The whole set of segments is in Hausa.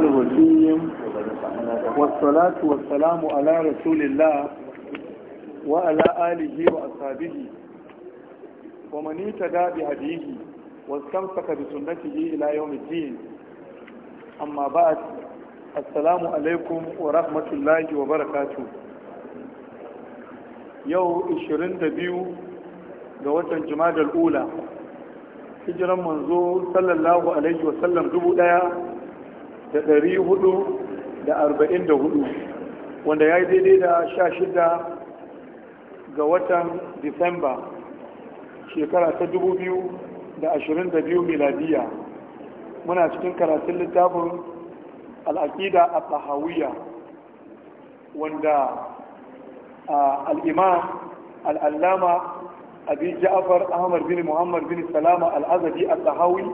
الرحيم والصلاة والسلام على رسول الله وعلى آله وأصحابه ومن يتدى بهديه واستمسك بسنته إلى يوم الدين أما بعد السلام عليكم ورحمة الله وبركاته يوم 22 ga watan jimadar ula hijiran manzo sallallahu alaihi wasallam dubu daya da ɗari hudu da arba'in da hudu wanda ya yi daidai da sha shida ga watan disamba shekara ta dubu biyu da ashirin da biyu miladiya muna cikin karatun littafin al'aƙida a tsahawiyya wanda al'imam al'allama abin ja'afar ahmad bin muhammad bin salama al'azabi a tsahawi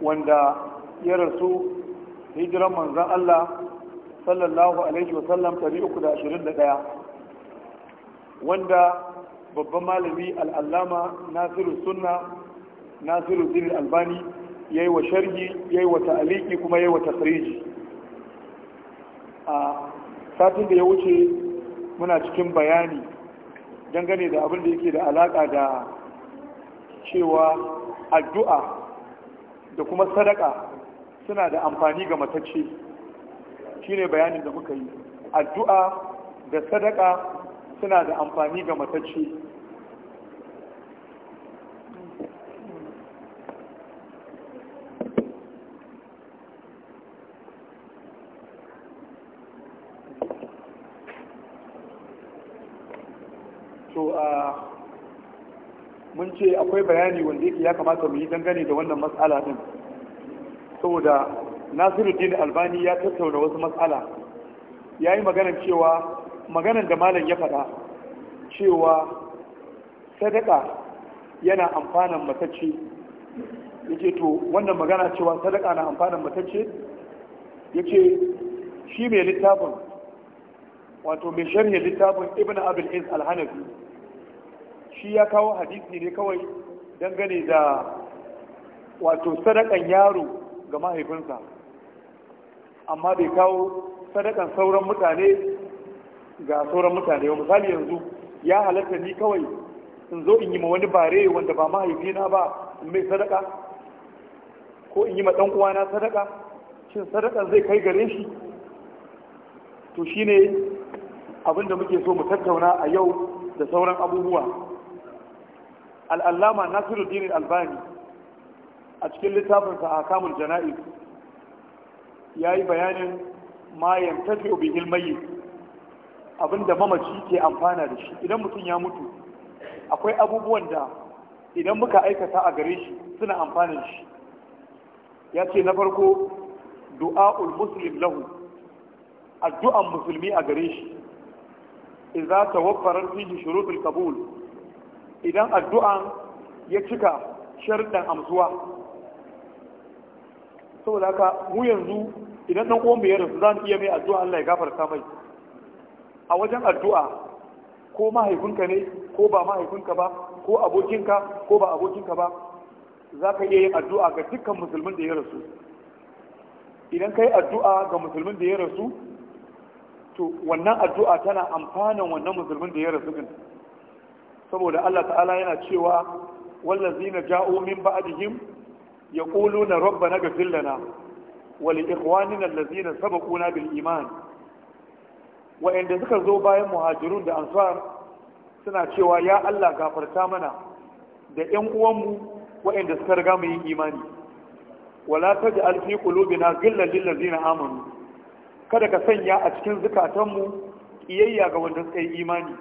wanda ya rasu hijiran manzan Allah sallallahu alaihi wa sallam 321 wanda babban malami al'allama nasiru sunna nasiru zirin albani ya yi wa sharhi ya yi wa ta'aliki kuma ya yi wa tasiriji a satin da ya wuce muna cikin bayani dangane da abin da yake da alaƙa da cewa addu'a da kuma sadaka suna da amfani ga matacce shine bayanin da muka yi addu'a da sadaka suna da amfani ga matacce to mun ce akwai bayani wanda yake ya kamata mu yi dangane da wannan matsala din saboda nasiruddin albani ya tattauna wasu matsala ya yi maganar cewa maganar da malam ya faɗa cewa sadaka yana amfanan matacce ya ce to wannan magana cewa sadaka na amfanan matacce ya ce shi mai littafin wato mai sharhin littafin ibn abul is alhanafi shi ya kawo hadisi ne kawai dangane da wato sadakan yaro ga mahaifinsa amma bai kawo sadakan sauran mutane ga sauran mutane misali yanzu ya halatta ni kawai in zo in yi ma wani bare wanda ba mahaifina ba in mai sadaka ko in yi ma ɗan uwana sadaka shin sadakan zai kai gare shi to shine abinda muke so mu tattauna a yau da sauran abubuwa al'allama nasiruddin albani a cikin littafinsa a kamun jana'i ya yi bayanin mayan tafi obin ilmayi abinda mamaci ke amfana da shi idan mutum ya mutu akwai abubuwan da idan muka aikata a gare shi suna amfanin shi ya ce na farko du'a'ul muslim lahu addu'an musulmi a gare shi ta tawaffarat fihi shurutul kabul idan addu'an ya cika sharɗan amsuwa saboda haka mu yanzu idan ɗan uwan ya rasu za mu iya mai addu'a Allah ya gafarta mai a wajen addu'a ko mahaifinka ne ko ba mahaifinka ba ko abokinka ko ba abokinka ba za ka iya yin addu'a ga dukkan musulmin da ya rasu idan ka yi addu'a ga musulmin da ya rasu to wannan addu'a tana amfanin wannan musulmin da ya rasu din saboda Allah ta'ala yana cewa والذين جاءوا من بعدهم يقولون ربنا اغفر لنا ولإخواننا الذين سبقونا iman. وإن suka zo bayan muhajirun da ansar suna cewa ya Allah gafarta mana da 'yan uwanmu waɗanda suka riga mu yin imani wala taj'al fi qulubina ghillan lil ladzina amanu kada ka sanya a cikin mu kiyayya ga wanda suka yi imani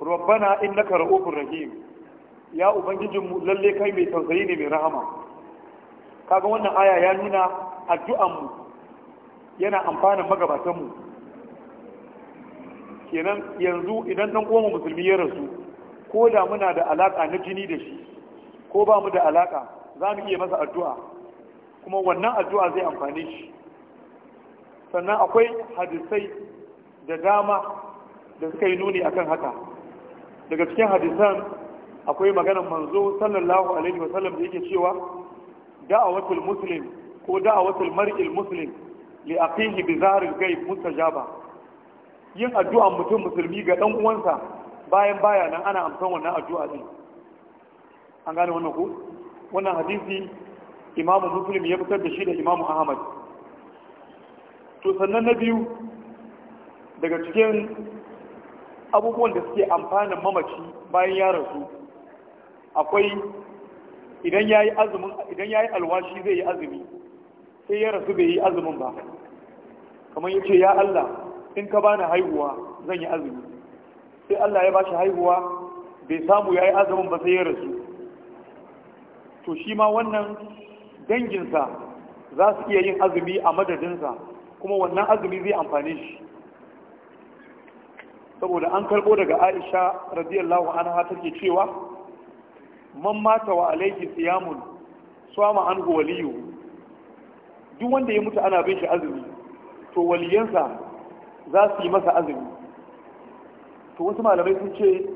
rabbana innaka ra'ufur rahim ya ubangijinmu lalle kai mai tausayi ne mai rahama kaga wannan aya ya nuna addu'an mu yana amfanin mu kenan yanzu idan dan uwan musulmi ya rasu ko da muna da alaka na jini da shi ko ba mu da alaka za mu iya masa addu'a kuma wannan addu'a zai amfane shi sannan akwai hadisai da dama da suka yi nuni akan haka daga cikin hadisan akwai maganar manzo sallallahu alaihi wa sallam da yake cewa da'awatul muslim ko da'awatul mar'il muslim li aqihi bi zahril ghaib mustajaba yin addu'a mutum musulmi ga dan uwansa bayan baya nan ana amsan wannan addu'a din an gane wannan ku wannan hadisi imamu muslim ya fitar da shi da imamu ahmad to sannan na biyu daga cikin abubuwan da suke amfanin mamaci bayan ya rasu akwai idan yayi azumin alwashi zai yi azumi sai ya rasu bai yi azumin ba kamar yace ya Allah in ka bani haihuwa zan yi azumi sai Allah ya bashi haihuwa bai samu yayi azumin ba sai ya rasu to shi ma wannan danginsa za su iya yin azumi a madadinsa kuma wannan azumi zai amfani shi saboda an karbo daga aisha radiyallahu anha take cewa man mata wa alaihi siyamun an anhu waliyu duk wanda ya mutu ana bin shi azumi to waliyansa za su yi masa azumi to wasu malamai sun ce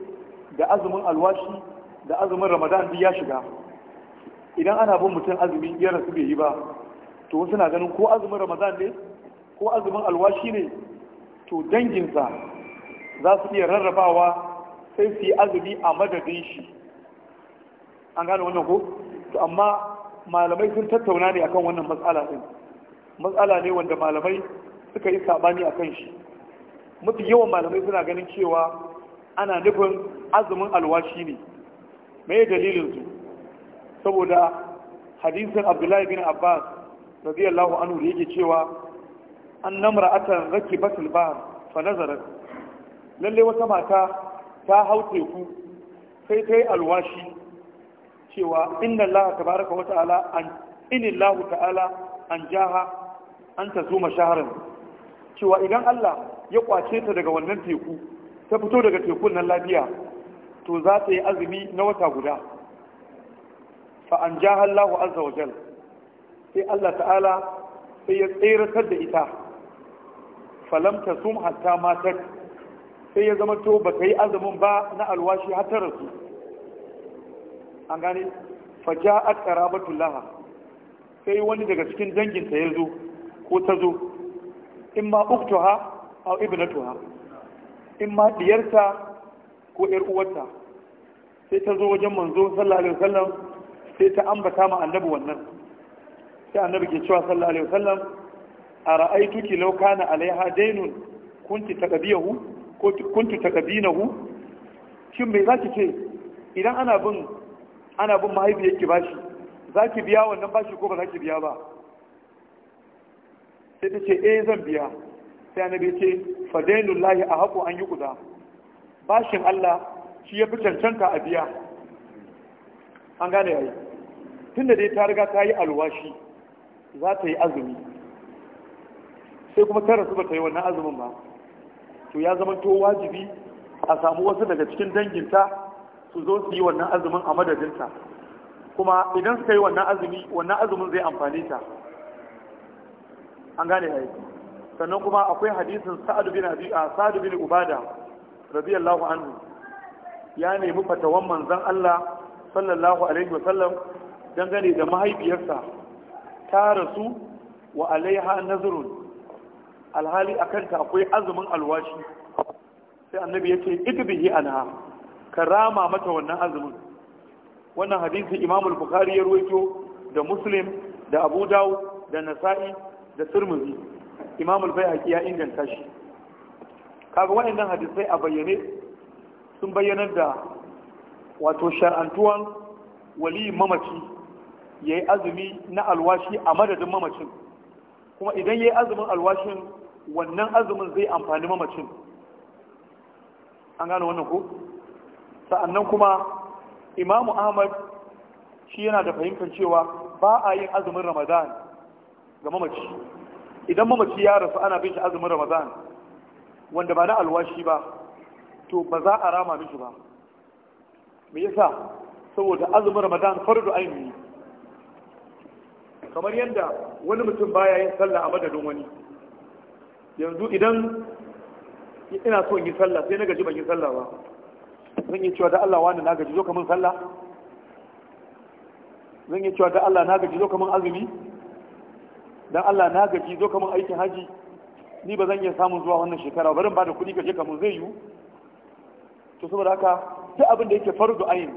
da azumin alwashi da azumin ramadan duk ya shiga idan ana bin mutum azumi ya rasu bai yi ba to wasu na ganin ko azumin ramadan ne ko azumin alwashi ne to danginsa za su iya rarrabawa sai su yi azumi a madadin shi an gane wannan ko to amma malamai sun tattauna ne akan wannan matsala din matsala ne wanda malamai suka yi sabani akan shi mafi yawan malamai suna ganin cewa ana nufin azumin alwashi ne me dalilin su saboda hadisin abdullahi bin abbas radiyallahu anhu da yake cewa an namra atan raki batul ba fa nazara lalle wata mata ta hau teku sai ta alwashi cewa inna Allah tabaraka wa ta'ala an inna Allah ta'ala an jaha an tazuma shahran cewa idan Allah ya kwace ta daga wannan teku ta fito daga tekun nan lafiya to za ta yi azumi na wata guda fa an jaha Allah azza wa jal sai Allah ta'ala sai ya tseratar da ita falam sum hatta matat sai ya zama to ba yi azumin ba na alwashi har ta rasu an gane faja'at laha sai wani daga cikin danginta ya zo ko ta zo in ma uktuha aw Tuha, in ma ɗiyarta ko ƴar uwarta sai ta zo wajen manzo sallallahu alaihi wasallam sai ta ambata ma annabi wannan sai annabi ke cewa sallallahu alaihi wasallam ara'aytuki law kana alaiha dainun kunti taqabiyahu ko kunti taqabinahu shin me zaki ce idan ana bin ana bin ki bashi za ki biya wannan bashi ko ba za ki biya ba sai ta ce e zan biya sai bai ce lahi a haƙo an yi kuda bashin Allah shi ya fi cancanta a biya an gane yayi da dai ta riga ta yi alwashi za ta yi azumi sai kuma ta rasu ba ta yi wannan azumin ba to ya zama to wajibi a samu wasu daga cikin danginta su zo su yi wannan azumin a madadinta kuma idan suka yi wannan azumi wannan azumin zai amfani ta an gane ai sannan kuma akwai hadisin sa'adu bin abi bin ubada radiyallahu anhu ya nemi fatawan manzon Allah sallallahu alaihi wa sallam dangane da mahaifiyarsa ta rasu wa alaiha nazrun alhali kanta akwai azumin alwashi sai annabi ya ce idbihi anha ka rama mata wannan azumin wannan hadisi imam al-bukhari ya ruwaito da muslim da abu dawud da nasa'i da tirmidhi imam al ya inganta shi kaga waɗannan hadisai a bayyane sun bayyanar da wato shar'antuwan waliyin mamaci ya yi azumi na alwashi a madadin mamacin kuma idan ya yi azumin alwashin wannan azumin zai amfani mamacin an gane wannan ko sa'annan kuma imamu ahmad shi yana da fahimtar cewa ba a yin azumin ramadan ga mamaci idan mamaci ya rasu ana bin shi azumin ramadan wanda ba na alwashi ba to ba za a rama mishi ba me yasa saboda azumin ramadan fardu ainihi kamar yadda wani mutum baya yin sallah a madadin wani yanzu idan ina so in yi sallah sai na gaji ban yi sallah ba zan yi cewa da Allah wani na gaji zo kamar sallah zan yi cewa da Allah na gaji zo azumi dan Allah na gaji zo kamar aikin haji ni ba zan iya samun zuwa wannan shekara barin ba da kuɗi gaje kamar zai yiwu to saboda haka sai abin da yake farzu ayin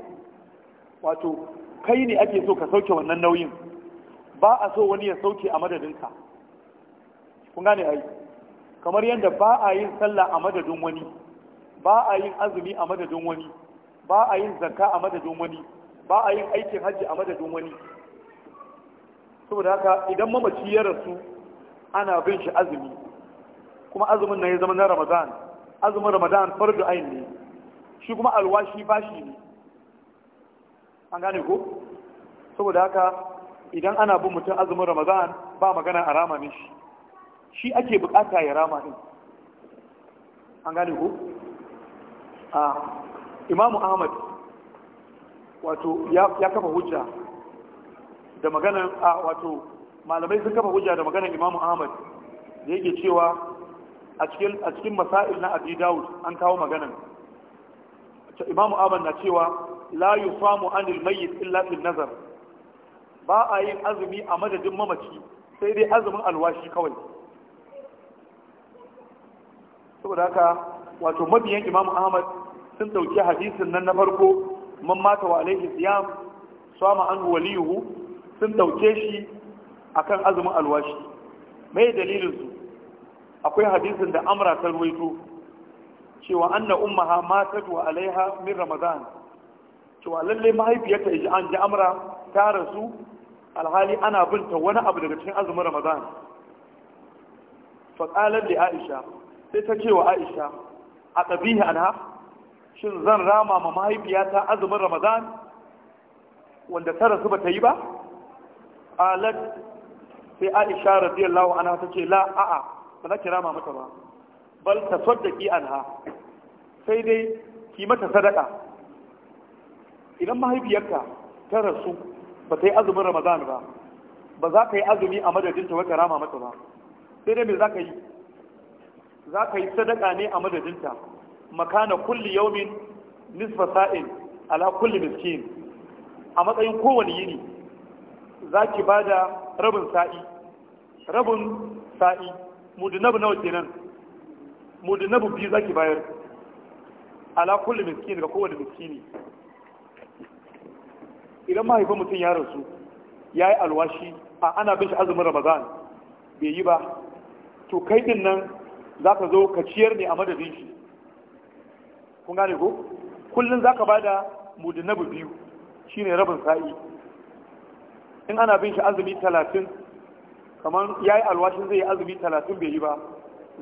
wato kai ne ake so ka sauke wannan nauyin ba a so wani ya sauke a madadinka kun gane ai kamar yadda ba a yin sallah a madadin wani ba a yin azumi a madadin wani ba a yin zakka a madadin wani ba a yin aikin hajji a madadin wani saboda haka idan mamaci ya rasu ana bin shi azumi kuma azumin na ya zama na ramadan azumin ramadan fardu ayin ne shi kuma alwashi bashi ne an gane ko saboda haka idan ana bin mutum azumin ramadan ba magana a rama shi shi ake bukata ya rama ne. an gane ko a imamu ahmad wato ya kafa hujja da maganan a wato malamai sun kafa hujja da maganan imamu ahmad da yake cewa a cikin masail na abi dawud an kawo maganan imamu ahmad na cewa la yusamu anil mayyit illa fil nazar ba a yin azumi a madadin mamaci sai dai azumin alwashi kawai saboda haka wato mabiyan imam ahmad sun dauki hadisin nan na farko man mata wa alaihi siyam sama an waliyuhu sun dauke shi akan azumin alwashi mai dalilin su akwai hadisin da amra ta ruwaito cewa anna ummaha mata wa alaiha min ramadan cewa lalle mahaifiyarta ji an ji amra ta rasu alhali ana binta wani abu daga cikin azumin ramadan fa qalat li aisha sai ta ce wa aisha a ɗabihi anha shin zan rama ma mahaifiyata azumin ramadan wanda ta rasu ba ta yi ba alat sai aisha radiyallahu anha ta ce la a'a ba za ki rama mata ba bal ta saddaki anha sai dai ki mata sadaka idan mahaifiyarka ta rasu ba ta yi azumin ramadan ba ba za ka yi azumi a madadin ta wata rama mata ba sai dai me za ka yi za ka yi sadaka ne a madadinta makana kulli yaumin nisfa sa'in ala kulli miskin a matsayin kowane yini za ki ba da rabin sa'i rabin sa'i mudunabu nawa kenan mudunabu biyu za ki bayar ala kulli miskin ga kowane miskini idan mahaifin mutum ya rasu ya yi alwashi a ana bin shi azumin ramadan bai yi ba to kai din nan za ka zo ka ciyar ne a madadin shi kun gane ko kullum za ka bada mudinabu biyu Shi ne rabin sa'i in ana bin shi azumi talatin kamar ya yi alwashin zai yi azumi talatin bai yi ba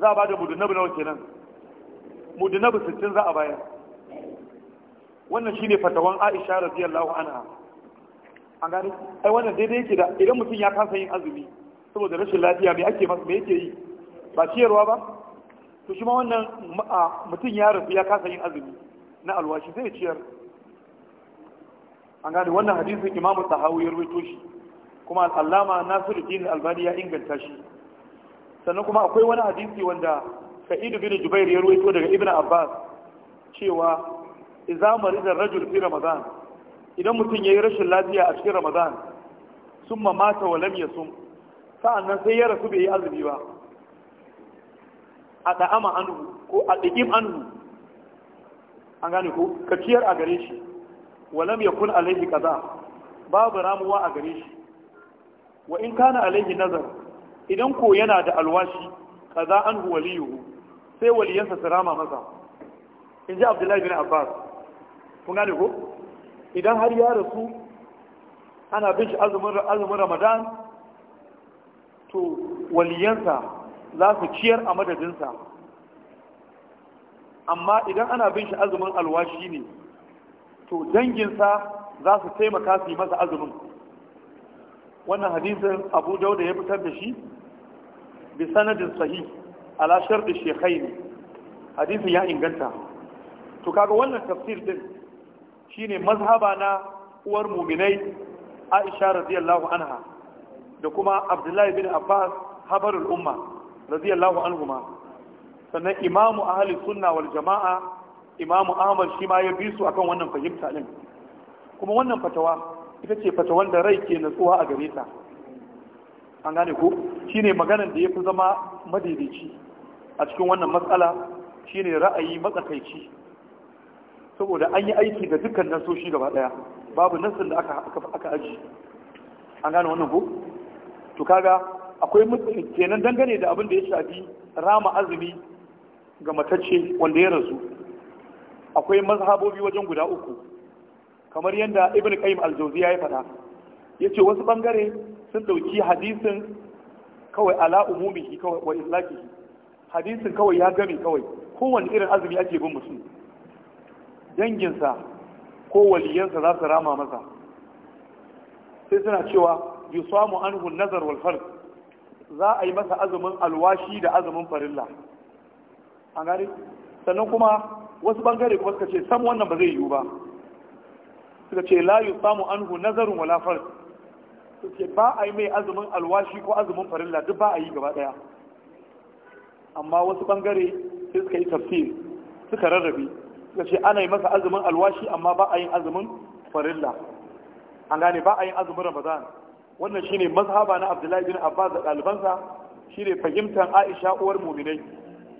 za a bada mudinabu nawa kenan mudinabu sittin za a bayar wannan shi ne fatawan aisha radiyallahu ana an gani? ai wannan daidai yake da idan mutum ya kasa yin azumi saboda rashin lafiya mai ake masa me yake yi ba ciyarwa ba to shi ma wannan mutum ya rasu ya kasa yin azumi na alwashi zai ciyar an gane wannan hadisin imamu sahawi ya rubuto shi kuma al'allama nasiruddin albani ya inganta shi sannan kuma akwai wani hadisi wanda sa'idu bin jubair ya rubuto daga Ibn abbas cewa izamar marida rajul fi ramadan idan mutum ya yi rashin lafiya a cikin ramadan sun mamata wa lam sa'an sa'annan sai ya rasu bai yi azumi ba a ɗa'ama hannu ko a ɗiƙim hannu an gane ko ka ciyar a gare shi walam ya kun alaihi kaza babu ramuwa a gare shi wa in kana alaihi nazar idan ko yana da alwashi kaza anhu waliyuhu sai waliyansa su rama masa in ji abdullahi bin abbas kun gane ko idan har ya rasu ana bin shi azumin ramadan to waliyansa za su ciyar a madadinsa amma idan ana bin shi azumin alwashi ne to danginsa za su taimaka su yi masa azumin wannan hadisin abu da ya fitar da shi bi sanadin sahih alashar da shekai ne hadisin ya inganta to kaga wannan tafsir din shine mazhaba na uwar muminai aisha radiyallahu anha da kuma abdullahi bin abbas habarul umma radiyallahu ma. sannan imamu ahli sunna wal jama'a imamu ahmad shi ma ya bi su akan wannan fahimta din kuma wannan fatawa ita ce fatawan da rai ke natsuwa a gare ta an gane ko shine maganar da yafi zama madaidaici a cikin wannan matsala shine ra'ayi matsakaici saboda an yi aiki da dukkan nasoshi gaba daya babu nasin da aka aka aji an gane wannan ko to kaga akwai kenan dangane da abin da ya shafi rama azumi ga matacce wanda ya rasu akwai mazhabobi wajen guda uku kamar yadda ibn qayyim al-jawziya ya faɗa yace wasu bangare sun dauki hadisin kawai ala umumihi kawai wa islaqihi hadisin kawai ya gami kawai kowanne irin azumi ake bin mutum danginsa ko waliyansa za su rama masa sai suna cewa yusamu anhu nazar wal fard za a yi masa azumin alwashi da azumin farilla an gari sannan kuma wasu bangare kuma suka ce sam wannan ba zai yiwu ba suka ce la yi samu anhu nazarin wala fard suka ce ba a yi mai azumin alwashi ko azumin farilla duk ba a yi gaba daya amma wasu bangare sai suka yi tafsir suka rarrabe suka ce ana yi masa azumin alwashi amma ba a yin azumin farilla an gane ba a yin azumin ramadan wannan shine mazhaba na abdullahi bin abbas da ɗalibansa shine fahimtar aisha uwar muminai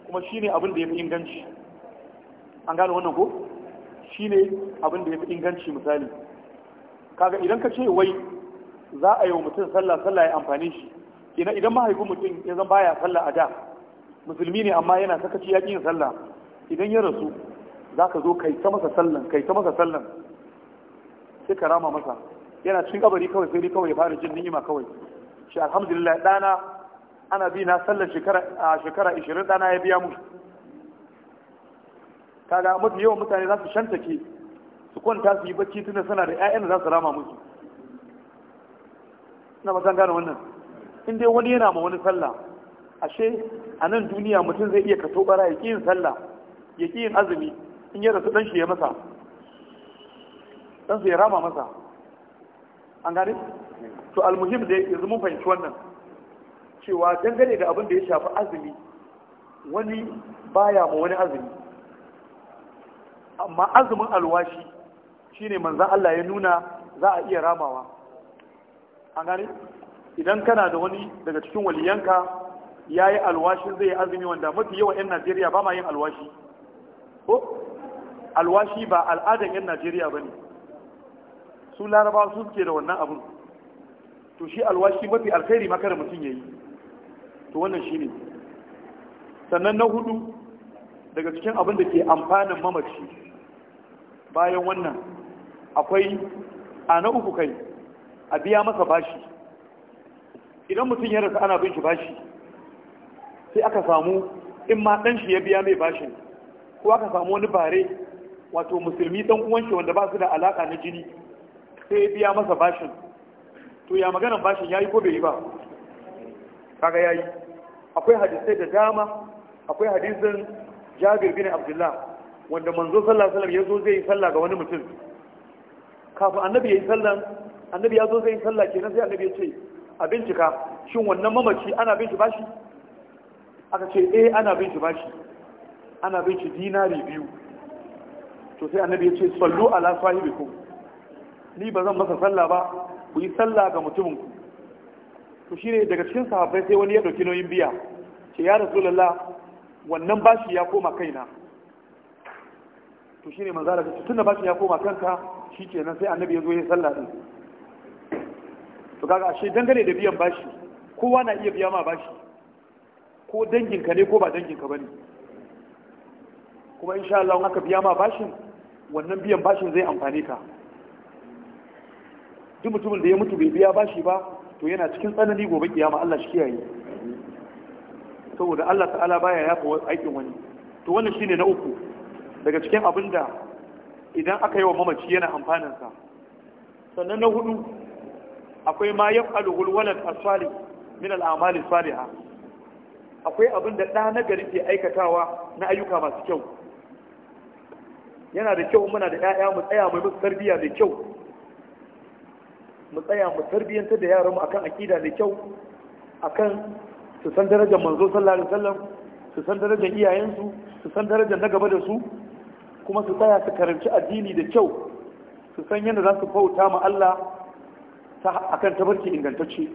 kuma shine abin da ya inganci an gane wannan ko shine abin da ya inganci misali kaga idan ka ce wai za a yi wa mutum sallah sallah ya amfani shi ina idan mahaifin mutum ya zan baya sallah a da musulmi ne amma yana sakaci ya yin sallah idan ya rasu za ka zo kai ta masa sallan kai ta masa sallan sai ka rama masa yana cikin kabari kawai sai dai kawai ya fara jin ni'ima kawai shi alhamdulillah dana ana bi na sallar shekara a shekara 20 dana ya biya mu kaga mutu yawan mutane za su shantake su kwanta su yi bacci tunda suna da ƴaƴan da za su rama musu na ba gane wannan in dai wani yana ma wani sallah ashe a nan duniya mutum zai iya kato bara ya yin sallah ya azumi in ya rasu dan shi ya masa dan su ya rama masa an gane to almuhim da yanzu mun fahimci wannan cewa dangane da abin da ya shafi azumi wani baya ma wani azumi amma azumin alwashi shine manzan Allah ya nuna za a iya ramawa an gane idan kana da wani daga cikin waliyanka ya yi alwashin zai yi azumi wanda mafi yawan 'yan najeriya ba ma yin alwashi ko alwashi ba al'adar 'yan najeriya ba ne su larabawa su ke da wannan abun to shi alwashi mafi alkhairi makara mutum ya yi to wannan shi sannan na hudu daga cikin abin da ke amfanin mamaci bayan wannan akwai a na uku kai a biya masa bashi idan mutum ya rasa ana bin shi bashi sai aka samu in ma dan shi ya biya mai bashin ko aka samu wani bare wato musulmi ɗan shi wanda ba su da alaka na jini sai biya masa bashin to ya maganan bashin ya yi ko bai yi ba kaga ya yi akwai hadisai da dama akwai hadisin jabir bin abdullah wanda manzo sallallahu alaihi wasallam yazo zai yi sallah ga wani mutum kafin annabi yayi sallan annabi yazo zai yi sallah kenan sai annabi ya ce a bincika shin wannan mamaci ana bin shi bashi aka ce eh ana bin shi bashi ana bin shi dinari biyu to sai annabi ya ce sallu ala sahibikum ni ba zan masa sallah ba ku yi sallah ga mutumin ku to shine daga cikin sahabbai sai wani ya dauki nauyin biya ce ya rasulullah wannan bashi ya koma kaina to shine manzo Allah tunda bashin ya koma kanka shikenan sai annabi ya zo ya sallah din to kaga ashe dangane da biyan bashi kowa na iya biya ma bashi ko danginka ne ko ba danginka bane kuma insha Allah in aka biya ma bashin wannan biyan bashin zai amfane ka duk mutumin da ya mutu bai biya shi ba to yana cikin tsanani gobe kiyama Allah shi kiyaye saboda Allah ta'ala baya yafa aikin wani to wannan shine na uku daga cikin abin idan aka yi wa mamaci yana amfanin sa sannan na hudu akwai ma yaf'alu walad asali min al-a'mal salihah akwai abin da ɗa na gari ke aikatawa na ayyuka masu kyau yana da kyau muna da 'ya'ya mu tsaya mai musu tarbiyya da kyau mu tsaya mu tarbiyyantar da yaran mu akan akida da kyau akan su san darajar manzo sallallahu alaihi wasallam su san darajar iyayensu su san darajar na gaba da su kuma su tsaya su karanci addini da kyau su san yadda za su bauta ma Allah akan tabarki ingantacce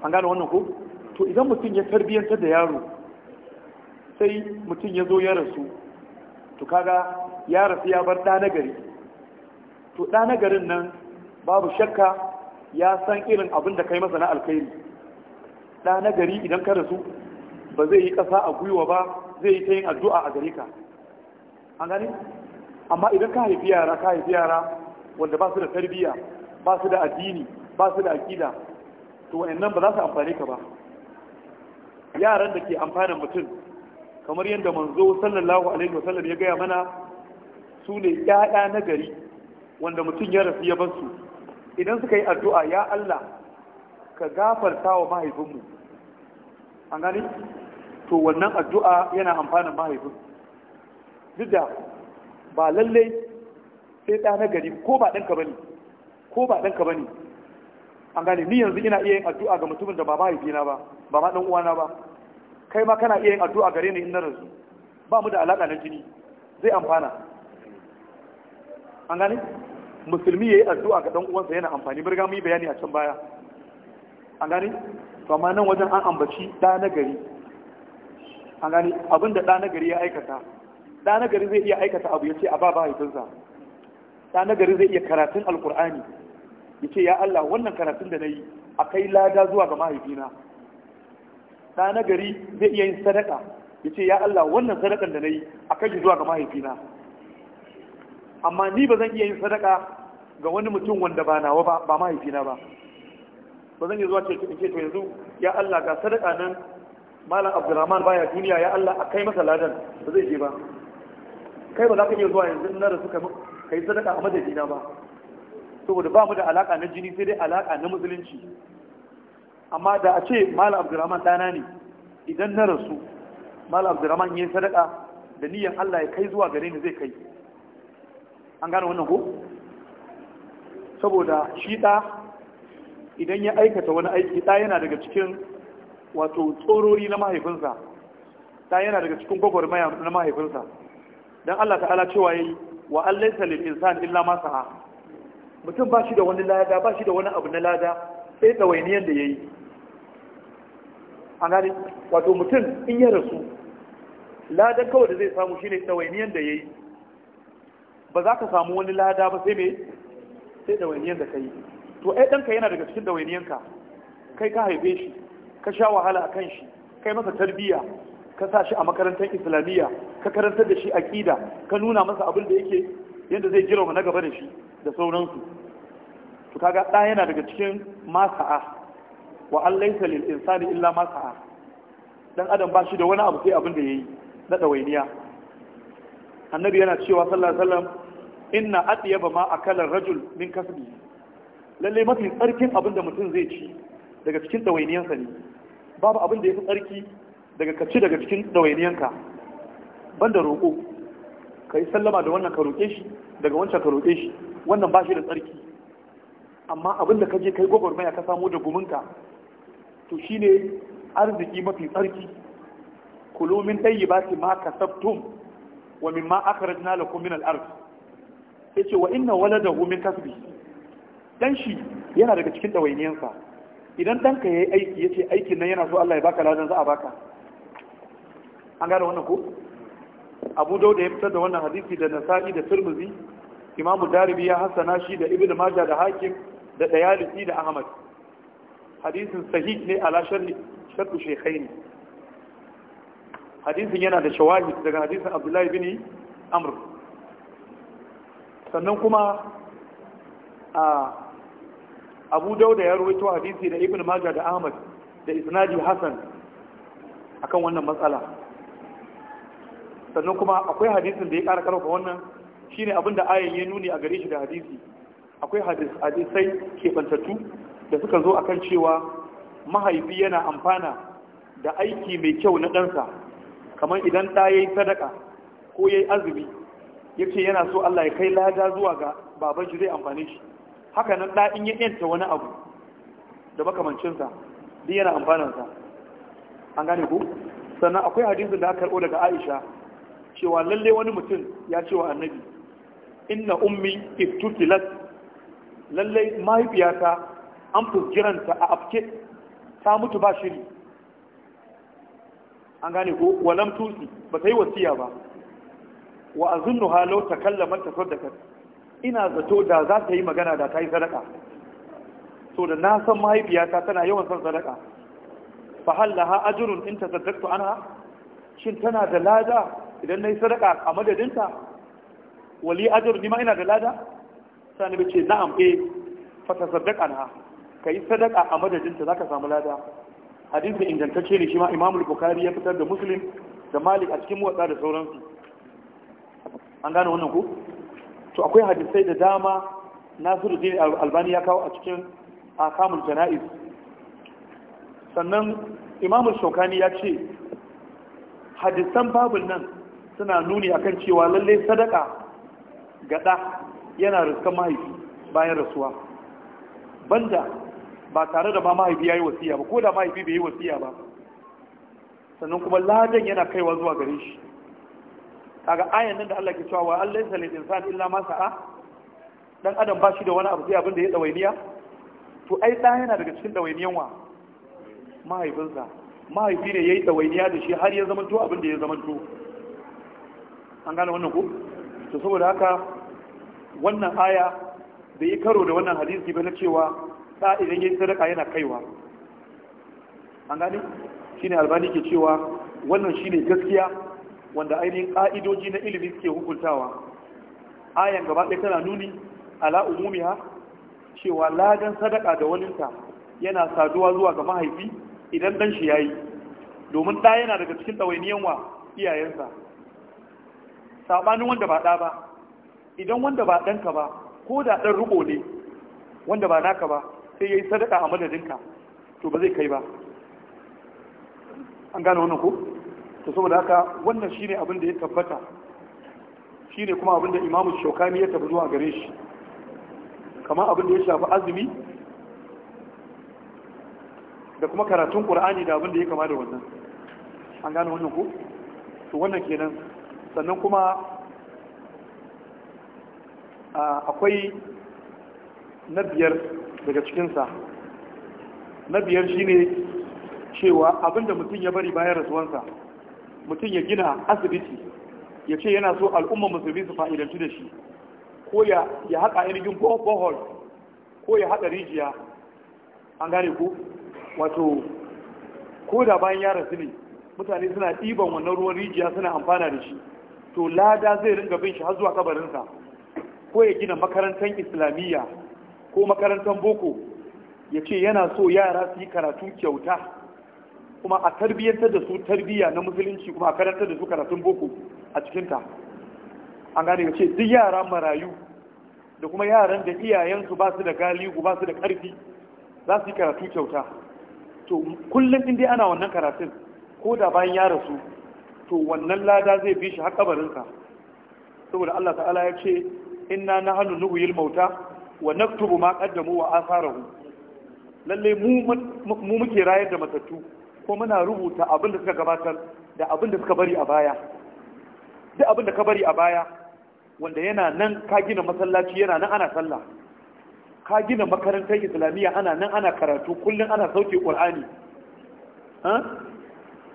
an gane wannan ko to idan mutum ya tarbiyyantar da yaro sai mutum ya zo ya rasu to kaga ya rasu ya bar da nagari to da nagarin nan babu shakka ya san irin abin da kai masa na alkhairi da na gari idan ka rasu ba zai yi ƙasa a gwiwa ba zai yi ta yin addu'a a gare ka an gani amma idan ka haifi yara ka haifi yara wanda ba su da tarbiyya ba su da addini ba su da aƙida to wayannan ba za su amfane ka ba yaran da ke amfanin mutum kamar yadda manzo sallallahu alaihi wasallam ya gaya mana su ne 'ya'ya na gari wanda mutum ya rasu ya bar su idan suka yi addu'a ya Allah ka gafarta wa mahaifinmu an gani to wannan addu'a yana amfanin mahaifin duk da ba lallai sai ɗa na gari ko ba ɗanka ba ne ko ba ɗanka ba ne an gani, ni yanzu ina iya yin addu'a ga mutumin da ba mahaifina ba ba ma ɗan uwana ba kai ma kana iya yin addu'a gare ni in na rasu ba mu da alaƙa na jini zai amfana an gani? musulmi ya yi addu'a ga ɗan uwansa yana amfani birga mai yi bayani a can baya an gani ba ma nan wajen an ambaci ɗa na gari an gani abinda ɗa na gari ya aikata ɗa na gari zai iya aikata abu ya ce a ba ba haifinsa ɗa na gari zai iya karatun alkur'ani ya ce ya Allah wannan karatun da na yi a kai lada zuwa ga mahaifina ɗa na gari zai iya yin sadaka ya ce ya Allah wannan sadakan da na yi a kai zuwa ga mahaifina amma ni ba zan iya yin sadaka ga wani mutum wanda ba nawa ba ba mahaifina ba ba zan iya zuwa ce ce to yanzu ya Allah ga sadaka nan malam Abdulrahman baya duniya ya Allah a kai masa ladan ba zai je ba kai ba za ka iya zuwa yanzu na da suka kai sadaka a madadina ba saboda ba mu da alaka na jini sai dai alaka na musulunci amma da a ce malam Abdulrahman dana ne idan na rasu malam Abdulrahman yayin sadaka da niyan Allah ya kai zuwa gare ni zai kai an gane wannan ko saboda shi ɗa idan ya aikata wani aiki ɗa yana daga cikin wato tsorori na mahaifinsa ɗa yana daga cikin gwagwarmaya na mahaifinsa don Allah ta'ala cewa yi wa Allah salil insan illa ma sa'a mutum ba shi da wani lada ba shi da wani abu na lada sai ɗawainiyar da ya yi gani wato mutum in ya rasu ladan kawai da zai samu shi ne ɗawainiyar da ya yi ba za ka samu wani lada ba sai me sai dawainiyan da yi. to ai ɗanka yana daga cikin dawainiyanka kai ka haife shi ka sha wahala a kan shi kai masa tarbiyya ka sa shi a makarantar islamiyya ka karantar da shi aƙida ka nuna masa abin da yake yadda zai jira na gaba da shi da sauransu to kaga ɗa yana daga cikin masa'a wa an laisa lil insani illa masa'a dan adam ba shi da wani abu sai abin da yayi na ɗawainiya annabi yana cewa sallallahu alaihi wasallam inna atyaba ma akala rajul min kasbi lalle mafi tsarkin abin da mutum zai ci daga cikin dawainiyansa ne babu abin da yafi tsarki daga kaci daga cikin dawainiyanka banda roƙo kai sallama da wannan ka roƙe shi daga wancan ka roƙe shi wannan ba shi da tsarki amma abin da kaje kai gwagwarmaya ka samu da guminka to shine arziki mafi tsarki kulumin min tayyibati ma kasabtum wa mimma akhrajna lakum min al-ardh Ya ce, wa inna da min kasbi dan shi yana daga cikin dawainiyansa idan ya yi aiki ya ce aikin nan yana so Allah ya baka ladan za a baka an gane wannan ko Abu da ya fitar da wannan hadisi da Nasa'i da Tirmidhi imamu daribi ya hassana shi da Ibn Majah da Hakim da Dayalisi da Ahmad hadisin sahih ne ala sharri shaykhaini hadisin yana da shawahid daga hadisin Abdullahi bin Amr sannan kuma a abu dauda ya rawaito hadisi da ibn maja da ahmad da isnadi Hassan akan wannan matsala sannan kuma akwai hadisin da ya kara karfafa wannan shine abin da ayan ya nuni a gare shi da hadisi akwai hadisai kebantattu da suka zo akan cewa mahaifi yana amfana da aiki mai kyau na ɗansa kamar idan ɗa ya yi sadaka ko ya yi azumi ya ce yana so Allah ya kai lada zuwa ga baban shi zai amfani shi haka nan da in yi yanta wani abu da makamancinsa duk yana amfanansa an gane ku sannan akwai hadisin da aka karɓo daga aisha cewa lalle wani mutum ya ce wa annabi inna ummi iftutilat lalle mahaifiyata an fuskiranta a afke ta mutu ba shiri an gane ku? walam tusi ba ta yi wasiya ba wa azunnu halau ta kallama ta sadaka ina zato da za ta yi magana da ta yi sadaka so da na san mahaifiyata tana yawan son sadaka fa hallaha ajrun in ta tasaddaqtu anha shin tana da lada idan nayi sadaka a madadinta wali ajr ni ma ina da lada sani bace na'am eh fa ta tasaddaq anha kai sadaka a madadinta zaka samu lada hadisi ingantacce ne shi ma Imam Bukhari ya fitar da Muslim da Malik a cikin motsa da sauransu an gane wannan ku to akwai hadisai da dama nasiru din albani ya kawo a cikin akamun jana'iz sannan imamu shokani ya ce hadisan babul nan suna nuni akan cewa lallai sadaka gada yana riskan mahaifi bayan rasuwa banda ba tare da ba mahaifi ya yi wasiya ba ko da mahaifi bai yi wasiya ba sannan kuma ladan yana kaiwa zuwa gare shi kaga ayan nan da Allah ke cewa wa Allah sai lil insani illa ma sa'a dan adam ba shi da wani abu sai abin da ya dawainiya to ai da yana daga cikin dawainiyan wa mahaifinsa mahaifi ne yayi dawainiya da shi har ya zama to abin da ya zama to an gane wannan ko to saboda haka wannan aya da yi karo da wannan hadisi ba na cewa da idan yayi sadaka yana kaiwa an gane shine albani ke cewa wannan shine gaskiya wanda ainihin ƙa'idoji na ilimi suke hukuntawa ayan gaba ɗaya tana nuni ala umumiya. cewa lagan sadaka da walinta yana saduwa zuwa ga mahaifi idan ɗan shi ya yi, domin ɗa yana daga cikin ɗawainiyan wa iyayensa saɓanin wanda ba ɗa ba idan wanda ba ɗanka ba ko da ɗan riƙo ne wanda ba naka ba sai ya yi sadaka a madadinka to ba zai kai ba an gane wannan ko to saboda haka wannan shine abin da ya tabbata shine kuma abin da imamu shokani ya tabbatu zuwa gare shi kamar abin da ya shafi azumi da kuma karatun qur'ani da abin da ya kama da wannan an gane wannan ko to wannan kenan sannan kuma akwai na biyar daga cikinsa na biyar shine cewa abinda mutum ya bari bayan rasuwansa mutum ya gina asibiti ya ce yana so al'umma musulmi su fa'idantu da shi ko ya haƙa ainihin bohol ko ya haɗa rijiya an gane ku. wato ko da bayan ya su ne mutane suna ɗiban wannan ruwan rijiya suna amfana da shi to lada zai ringa bin shi har zuwa kabarinsa ko ya gina makarantar islamiyya ko makarantar boko ya ce yana so yara su yi karatu kyauta kuma a tarbiyyantar da su tarbiyya na musulunci kuma a karantar da su karatun boko a cikinta an gane ya ce duk yara marayu da kuma yaran da iyayensu ba su da galihu ba su da ƙarfi za su yi karatu kyauta to kullum in dai ana wannan karatun ko da bayan ya rasu to wannan lada zai bi shi har kabarinsa saboda Allah ta'ala ya ce inna nahnu nuhyil mauta wa naktubu ma kaddamu wa atharahu lalle mu muke rayar da matattu ko muna rubuta abin da suka gabatar da abin da suka bari a baya duk abin da ka bari a baya wanda yana nan ka gina masallaci yana nan ana sallah ka gina makarantar islamiyya ana nan ana karatu kullum ana sauke ƙur'ani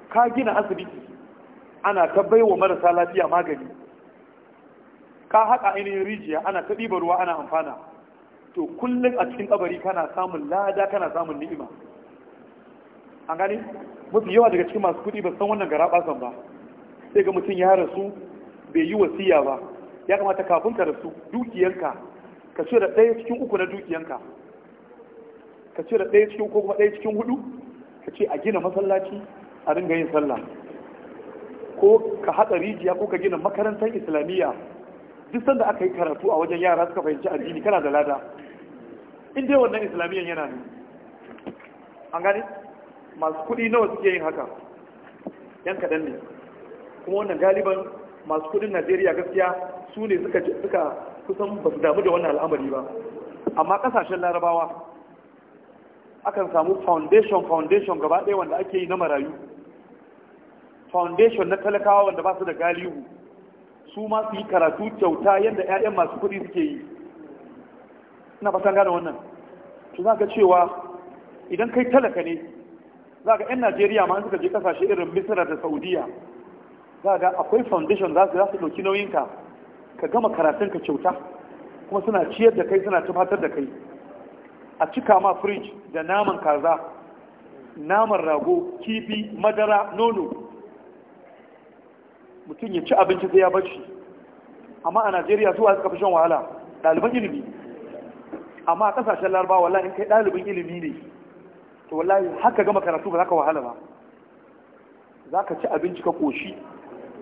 ka gina asibiti ana ta marasa lafiya magani ka haka ainihin rijiya ana ta ɗiba ruwa ana amfana to kullum a cikin kabari kana samun lada kana samun ni'ima an gani mafi yawa daga cikin masu kuɗi ba san wannan garaɓasan ba sai ga mutum ya rasu bai yi wasiya ba ya kamata kafin ka rasu dukiyanka ka ce da ɗaya cikin uku na dukiyanka ka ce da ɗaya cikin ko kuma ɗaya cikin hudu ka ce a gina masallaci a ringa yin sallah ko ka haɗa rijiya ko ka gina makarantar islamiyya duk sanda aka yi karatu a wajen yara suka fahimci addini kana da lada in dai wannan islamiyyan yana ne an gane masu kuɗi nawa suke yin haka yan kaɗan ne kuma wannan galiban masu kuɗin najeriya gaskiya su ne suka kusan ba su damu da wannan al'amari ba amma kasashen larabawa akan samu foundation foundation gaba ɗaya wanda ake yi na marayu foundation na talakawa wanda ba su da galihu su ma su yi karatu kyauta yadda 'ya'yan masu kuɗi suke yi ina fatan gane wannan Su za ka cewa idan kai talaka ne za ga 'yan najeriya ma suka je kasashe irin misira da saudiya za ga akwai foundation za su ɗauki ɗauki nauyinka ka gama karatun ka kyauta kuma suna ciyar da kai suna tufatar da kai a cika ma fridge da naman kaza naman rago kifi madara nono mutum ya ci abinci sai ya bacci amma a najeriya zuwa suka fi shan wahala ɗaliban ilimi amma a ƙasashen larabawa wallahi in kai ɗalibin ilimi ne to wallahi haka gama karatu ba za ka wahala ba za ka ci abinci ka koshi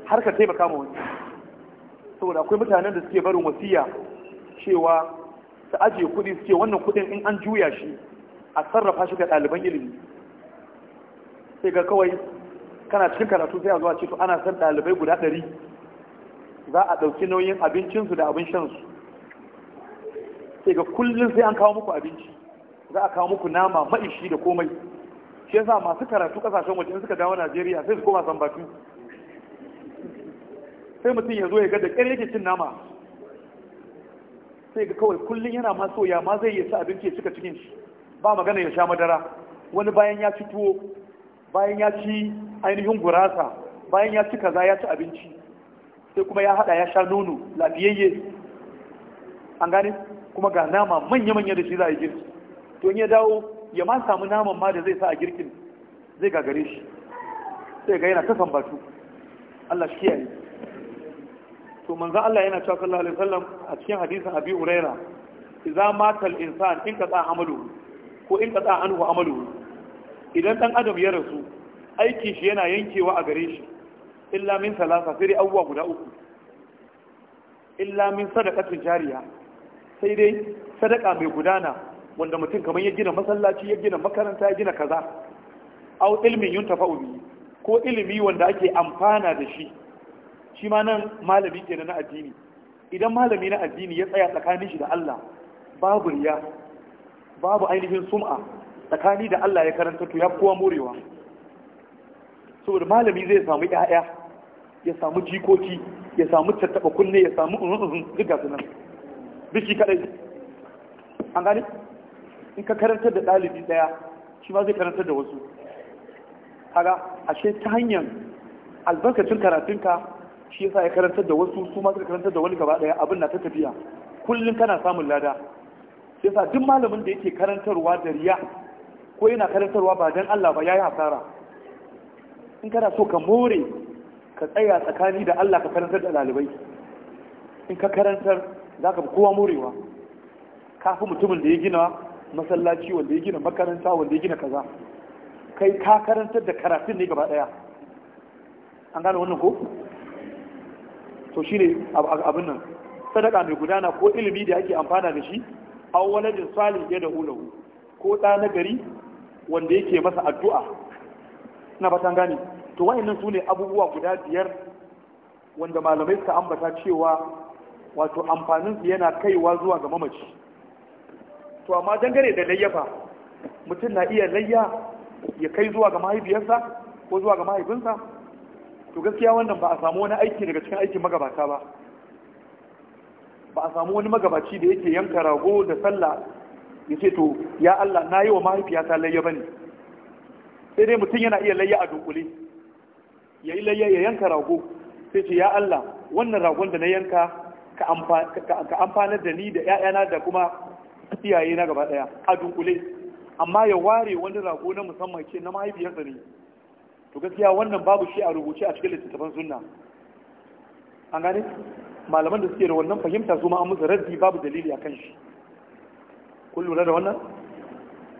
har ka taimaka ma wani saboda akwai mutanen da suke barin wasiya cewa su ajiye kuɗi suke wannan kuɗin in an juya shi a sarrafa shi ga ɗaliban ilimi sai ga kawai kana cikin karatu sai a zuwa ce to ana san ɗalibai guda ɗari za a ɗauki nauyin abincinsu da abin shansu sai ga kullum sai an kawo muku abinci za a kawo muku nama maishi da komai shi yasa masu karatu kasashen waje suka dawo Najeriya sai su koma sambatu sai mutum ya zo ya ga da ƙyar yake cin nama sai ga kawai kullum yana ma soya ma zai yi sa abinci ya cika cikin shi ba magana ya sha madara wani bayan ya ci tuwo bayan ya ci ainihin gurasa bayan ya ci kaza ya ci abinci sai kuma ya hada ya sha nono lafiyayye an gane kuma ga nama manya-manya da shi za a yi girki to ya dawo ya ma samu naman ma da zai sa a girkin zai gagare shi sai ga yana ta sambatu Allah shi kiyaye to manzo Allah yana cewa sallallahu alaihi wasallam a cikin hadisin Abi Uraira idza matal insan in qata amalu ko in qata anhu amalu idan dan adam ya rasu aikin shi yana yankewa a gare shi illa min salasa sai dai abubuwa guda uku illa min sadaqatu jariya sai dai sadaka mai gudana wanda mutum kamar ya gina masallaci ya gina makaranta ya gina kaza au ilmin yuntafa bi ko ilimi wanda ake amfana da shi shi ma nan malami kenan na addini idan malami na addini ya tsaya tsakanin shi da Allah babu riya babu ainihin sum'a tsakani da Allah ya karanta to ya kowa morewa saboda malami zai samu ƴaƴa ya samu jikoki ya samu tattaba kunne ya samu duk gasu nan biki kadai an gani. in ka karantar da ɗalibi ɗaya shi ma zai karantar da wasu kaga ashe ta hanyar albarkacin karatunka shi yasa ya karantar da wasu su ma suka karantar da wani gaba ɗaya abin na ta tafiya kullum kana samun lada shi sa duk malamin da yake karantarwa da riya ko yana karantarwa ba dan Allah ba yayi hasara in kana so ka more ka tsaya tsakani da Allah ka karantar da ɗalibai in ka karantar za ka fi kowa morewa ka fi mutumin da ya gina masallaci wanda ya gina makaranta wanda ya gina kaza kai ka karantar da karatun ne gaba daya an gane wannan ko to shine abin nan sadaka mai gudana ko ilimi da ake amfana da shi an waladin salih ya da ulahu ko ɗa na gari wanda yake masa addu'a na batan gane to wa'annan su ne abubuwa guda biyar wanda malamai suka ambata cewa wato amfaninsu yana kaiwa zuwa ga mamaci to amma dangane da layyafa mutum na iya layya ya kai zuwa ga mahaifiyarsa ko zuwa ga mahaifinsa to gaskiya wannan ba a samu wani aiki daga cikin aikin magabata ba ba a samu wani magabaci da yake yanka rago da sallah ya ce to ya Allah na yi wa mahaifiyata layya bane sai dai mutum yana iya layya a dunkule ya yi layya ya yanka rago sai ce ya Allah wannan ragon da na yanka ka amfanar da ni da 'ya'yana da kuma iyaye na gaba daya a dunkule amma ya ware wani rago na musamman ce na mahaifiyarsa ne to gaskiya wannan babu shi a rubuce a cikin littattafan sunna an gane malaman da suke da wannan fahimta su ma an musu raddi babu dalili a kan shi kun lura da wannan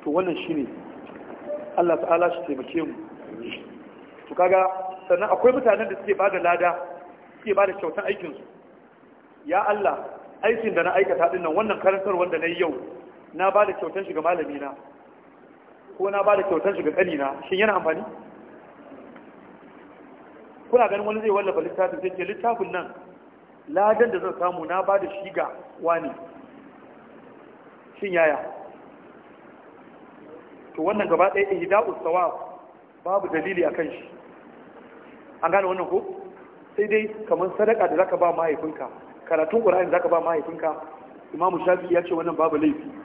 to wannan shine Allah ta'ala shi taimake mu to kaga sannan akwai mutanen da suke ba da lada suke ba da kyautar aikinsu ya Allah aikin da na aikata dinnan wannan karantar wanda na yi yau na ba da kyautar shiga malamina ko na ba da kyautar shiga kanina shin yana amfani kuna ganin wani zai wallafa littafin sai ke littafin nan ladan da zan samu na ba da shiga wani shin yaya to wannan gaba ɗaya ihda'u sawab babu dalili akan shi an gane wannan ko sai dai kamar sadaka da zaka ba mahaifinka karatun za zaka ba mahaifinka imamu shafi ya ce wannan babu laifi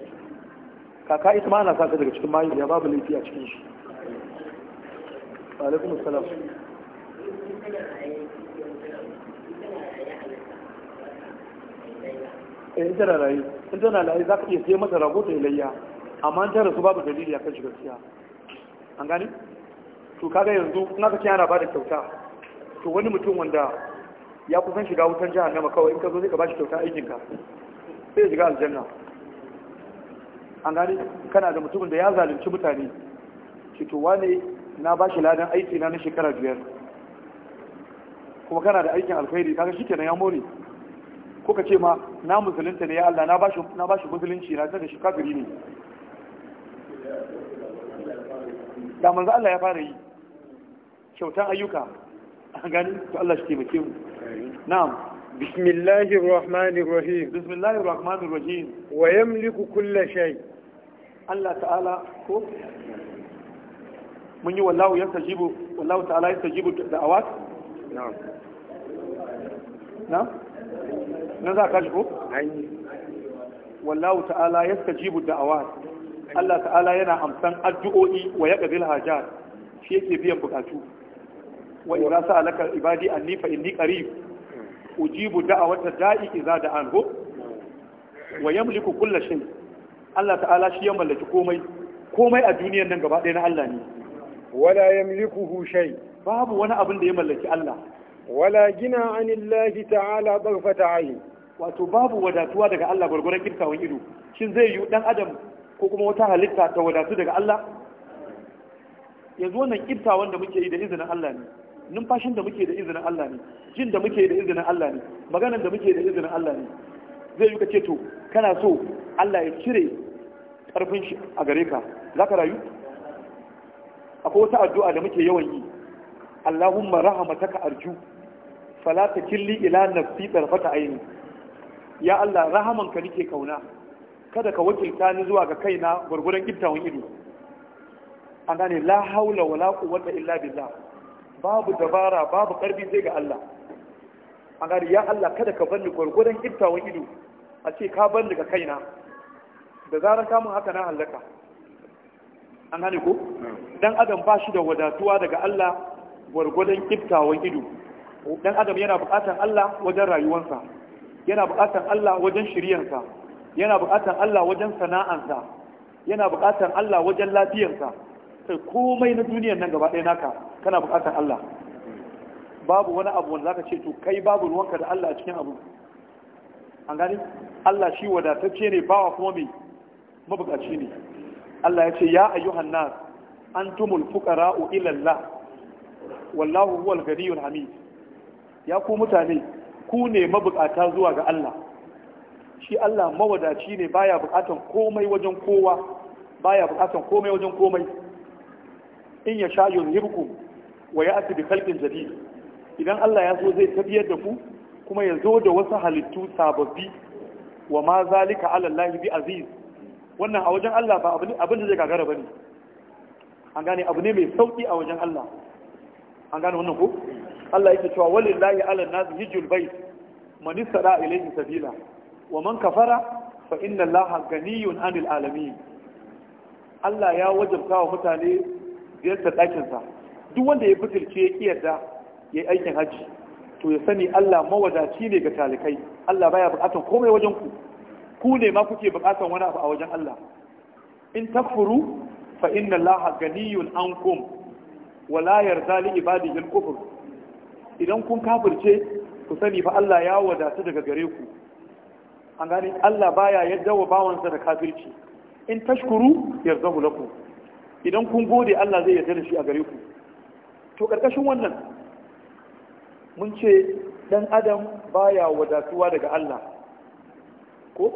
kaka ita ma ana saka daga cikin mayu ya babu laifi a cikin shi alaikum assalam eh in na rayu in tana rayu za ka iya sai mata rago ta ilayya amma an tara su babu dalili akan shi gaskiya an gani to kaga yanzu in aka ce ana bada kyauta to wani mutum wanda ya kusan shiga wutan jahannama kawai in ka zo zai ka shi kyauta aikinka sai ya shiga aljanna an gane kana da mutumin da ya zalunci mutane shi to wane na ba shi ladan aiki na na shekara biyar kuma kana da aikin alkhairi kaga shi kenan ya more ko ka ce ma na musulunta ne ya Allah na ba shi musulunci na da shi kafiri ne da manzo Allah ya fara yi kyautan ayyuka an gani to Allah shi taimake mu na'am بسم الله الرحمن الرحيم بسم الله الرحمن الرحيم ويملك كل شيء Allah ta'ala ko mun yi wallahu ya sajibu wallahu ta'ala ya sajibu da awat na na za ka shi ko wallahu ta'ala ya sajibu da awat Allah ta'ala yana amsan addu'o'i wa ya qabil hajar shi yake biyan bukatu wa idza sa'alaka ibadi anni fa inni qarib ujibu da'awata da'i idza da'an ko wa yamliku kulli shay' Allah ta'ala shi ya mallaki komai komai a duniyar nan gaba ɗaya na Allah ne wala yamlikuhu shay babu wani abin da ya mallaki Allah wala gina anillahi ta'ala barfata ayn wato babu wadatuwa daga Allah gurgurar kirtawan ido shin zai yi dan adam ko kuma wata halitta ta wadatu daga Allah yanzu wannan kirtawan da muke yi da izinin Allah ne numfashin da muke da izinin Allah ne jin da muke da izinin Allah ne maganar da muke da izinin Allah ne zai yi kace to kana so Allah ya cire karfin shi a gare ka za ka rayu akwai wata addu'a da muke yawan yi Allahumma rahamataka arju fala takilli ila nafsi tarfata aini ya Allah rahamanka nake kauna kada ka wakilta ni zuwa ga kaina gurgurun kiftawan ido an gane la haula wala quwwata illa billah babu dabara babu karfi sai ga Allah an gane ya Allah kada ka bani gurgurun kiftawan ido a ce ka ban daga kaina da zarar kamun haka na hallaka an hane ko dan adam ba shi da wadatuwa daga Allah gwargwadon kiftawan ido dan adam yana bukatan Allah wajen rayuwarsa yana bukatan Allah wajen shiryarsa yana bukatan Allah wajen sana'arsa yana bukatan Allah wajen lafiyarsa sai komai na duniyar nan gaba ɗaya naka kana bukatan Allah babu wani abu wanda zaka ce to kai babu ruwanka da Allah a cikin abu an gani Allah shi wadatacce ne bawa kuma mai mabukaci ne Allah ya ce ya ayyuhan nas antumul fuqara'u ila Allah wallahu huwal ghaniyyul hamid ya ku mutane ku ne mabukata zuwa ga Allah shi Allah mawadaci ne baya bukatan komai wajen kowa baya bukatan komai wajen komai in ya sha yuzhibkum wa ya'ti bi khalqin jadid idan Allah ya so zai tafiyar da ku kuma ya zo da wasu halittu sababbi wa ma zalika ala Allah bi aziz wannan a wajen Allah ba abin da zai gagara bane an gane abu ne mai sauki a wajen Allah an gane wannan ko Allah yake cewa walillahi ala nas hijjul bait man istara ilayhi sabila wa man kafara fa inna Allah ganiyun anil alamin Allah ya wajabta wa mutane ziyartar ɗakinsa duk wanda ya fitirce ya yarda ya yi aikin hajji to ya sani Allah mawadaci ne ga talikai Allah baya bukatan komai wajen ku ku ne ma kuke bukatan wani abu a wajen Allah in takfuru fa inna Allah ganiyun ankum Wala la yarda li ibadihi al-kufr idan kun kafirce ku sani fa Allah ya wadata daga gare ku an gane Allah baya yadda wa bawansa da kafirci in tashkuru yarzahu lakum idan kun gode Allah zai yarda da shi a gare ku to karkashin wannan mun ce dan adam baya wadatuwa daga Allah ko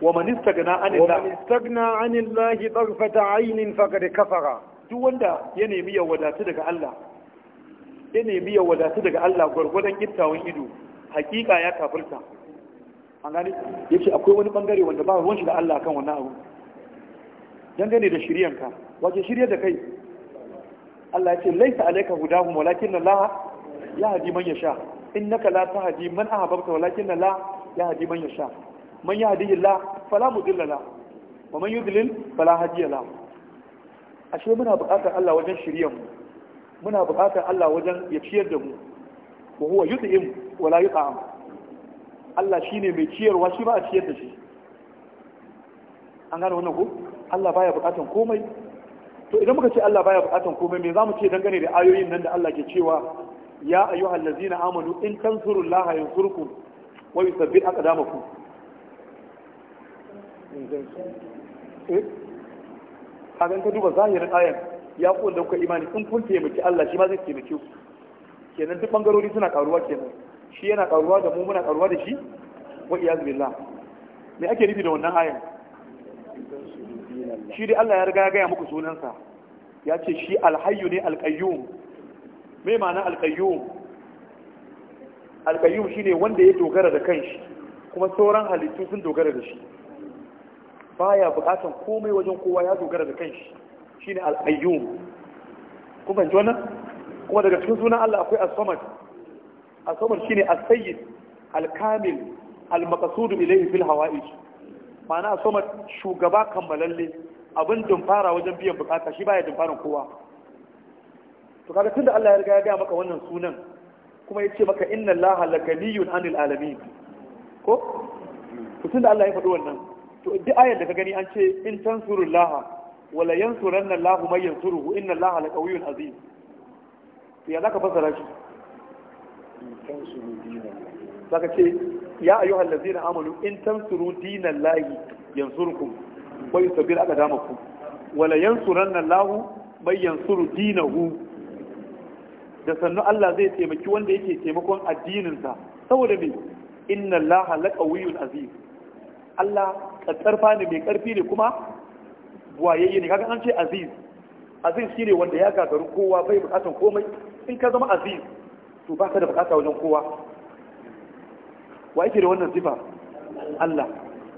wa man istaghna anil wa man istaghna anil lahi tarfata aynin faqad kafara duk wanda ya nemi ya wadatu daga Allah ya nemi ya wadatu daga Allah gurgurdan kittawan ido hakika ya kafirta an gani yace akwai wani bangare wanda ba ruwan shi da Allah kan wannan abu dangane da shiryanka wace shirye da kai Allah ya ce laisa alayka hudahum walakin Allah ya hadi man yasha innaka la tahdi man ahbabta walakin la ya hadi man yasha man yahdi la fala mudilla la wa man yudlil fala hadiya la ashe muna buƙatar Allah wajen shiryan muna buƙatar Allah wajen ya ciyar da mu wa huwa yud'im wa la yut'am Allah shine mai ciyarwa shi ba a ciyar da shi an gane wannan ko Allah baya buƙatar komai to idan muka ce Allah baya buƙatar komai me zamu ce dangane da ayoyin nan da Allah ke cewa ya ayyuhal ladzina amanu in tansurullaha yansurkum wa yuthabbit aqdamakum kagan ka duba zahirin ayan ya kuwa da kuka imani in kun taimaki Allah shi ma zai taimake ku kenan duk bangarori suna karuwa kenan shi yana karuwa da mu muna karuwa da shi wa iyaz billah me ake nufi da wannan ayan shi dai Allah ya riga ya gaya muku sunansa ya ce shi alhayyu ne alqayyum mai ma'ana alƙayyum alƙayyum ne wanda ya dogara da kanshi kuma sauran halittu sun dogara da shi Ba ya buƙatan komai wajen kowa ya dogara da kanshi shine alƙayyum kun fahimci wannan kuma daga cikin sunan Allah akwai as-samad as-samad shine as-sayyid al-kamil al-maqsud ilayhi fil hawa'ij ma'ana as-samad shugaba kammalalle abin dumfara wajen biyan bukata shi baya dumfaran kowa to kaga tunda Allah ya riga ya ga maka wannan sunan kuma ya ce maka inna Allah lakaliyun anil alamin ko to tunda Allah ya faɗi wannan to duk ayar da ka gani an ce in tansurullaha wala yansuranna Allahu may yansuruhu inna Allah laqawiyyun azim to ya zaka fasara shi zaka ce ya ayyuhal ladzina amanu in tansuru dinallahi yansurkum wa yusabbir aqdamakum wala yansuranna Allahu may yansuru dinahu da sannu Allah zai taimaki wanda yake taimakon addininsa saboda me inna Allah laqawiyyun aziz Allah katsarfa ne mai karfi ne kuma buwayayye ne kaga an ce aziz aziz shine wanda ya gagaru kowa bai bukatan komai in ka zama aziz to baka da bukata wajen kowa wa yake da wannan sifa Allah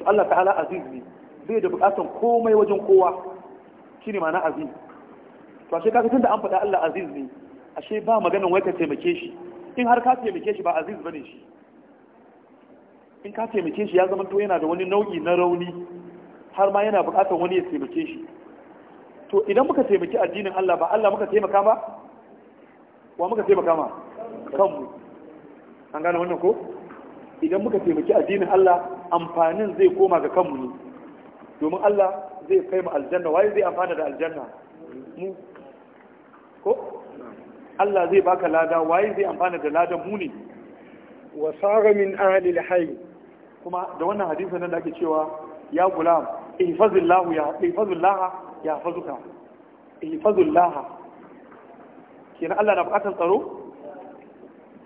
to Allah ta'ala aziz ne bai da bukatan komai wajen kowa shine ma'ana aziz to ashe kaga tunda an faɗa Allah aziz ne ashe ba maganin wai ka taimake shi in har ka taimake shi ba aziz bane shi in ka taimake shi ya zama to yana da wani nau'i na rauni har ma yana buƙatar wani ya taimake shi to idan muka taimaki addinin Allah ba Allah muka taimaka ba wa muka taimaka ma kanmu an gane wannan ko idan muka taimaki addinin Allah amfanin zai koma ga kanmu ne domin Allah zai kai mu aljanna waye zai amfana da aljanna mu ko Allah zai baka lada waye zai amfana da ladan mu ne wa sara min ahli al kuma da wannan hadisin nan da ake cewa ya gulam ihfazillahu ya ihfazillah ya hafazuka ihfazillah kenan Allah na bukatar tsaro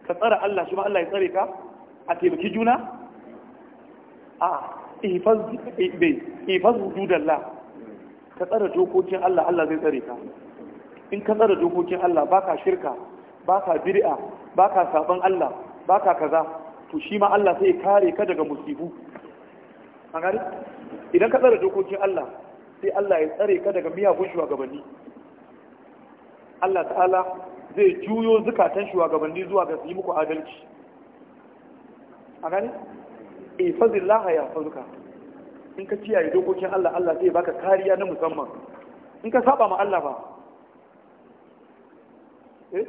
ka tsara Allah shi ma Allah ya tsare ka a taimaki juna a ihfaz eh, bi ihfaz hududallah ka tsara dokokin Allah Allah zai tsare ka in ka tsara dokokin Allah ba ka shirka ba ka baka ba ka saban Allah ba ka kaza to shi ma Allah sai ya kare ka daga musibu an gani idan ka tsara dokokin Allah sai Allah ya tsare ka daga miyagun shugabanni Allah ta'ala zai juyo zukatan shugabanni zuwa ga su yi muku adalci a gani ifazin ya fazuka in ka kiyaye dokokin Allah Allah zai baka kariya na musamman in ka saba ma Allah ba Eh?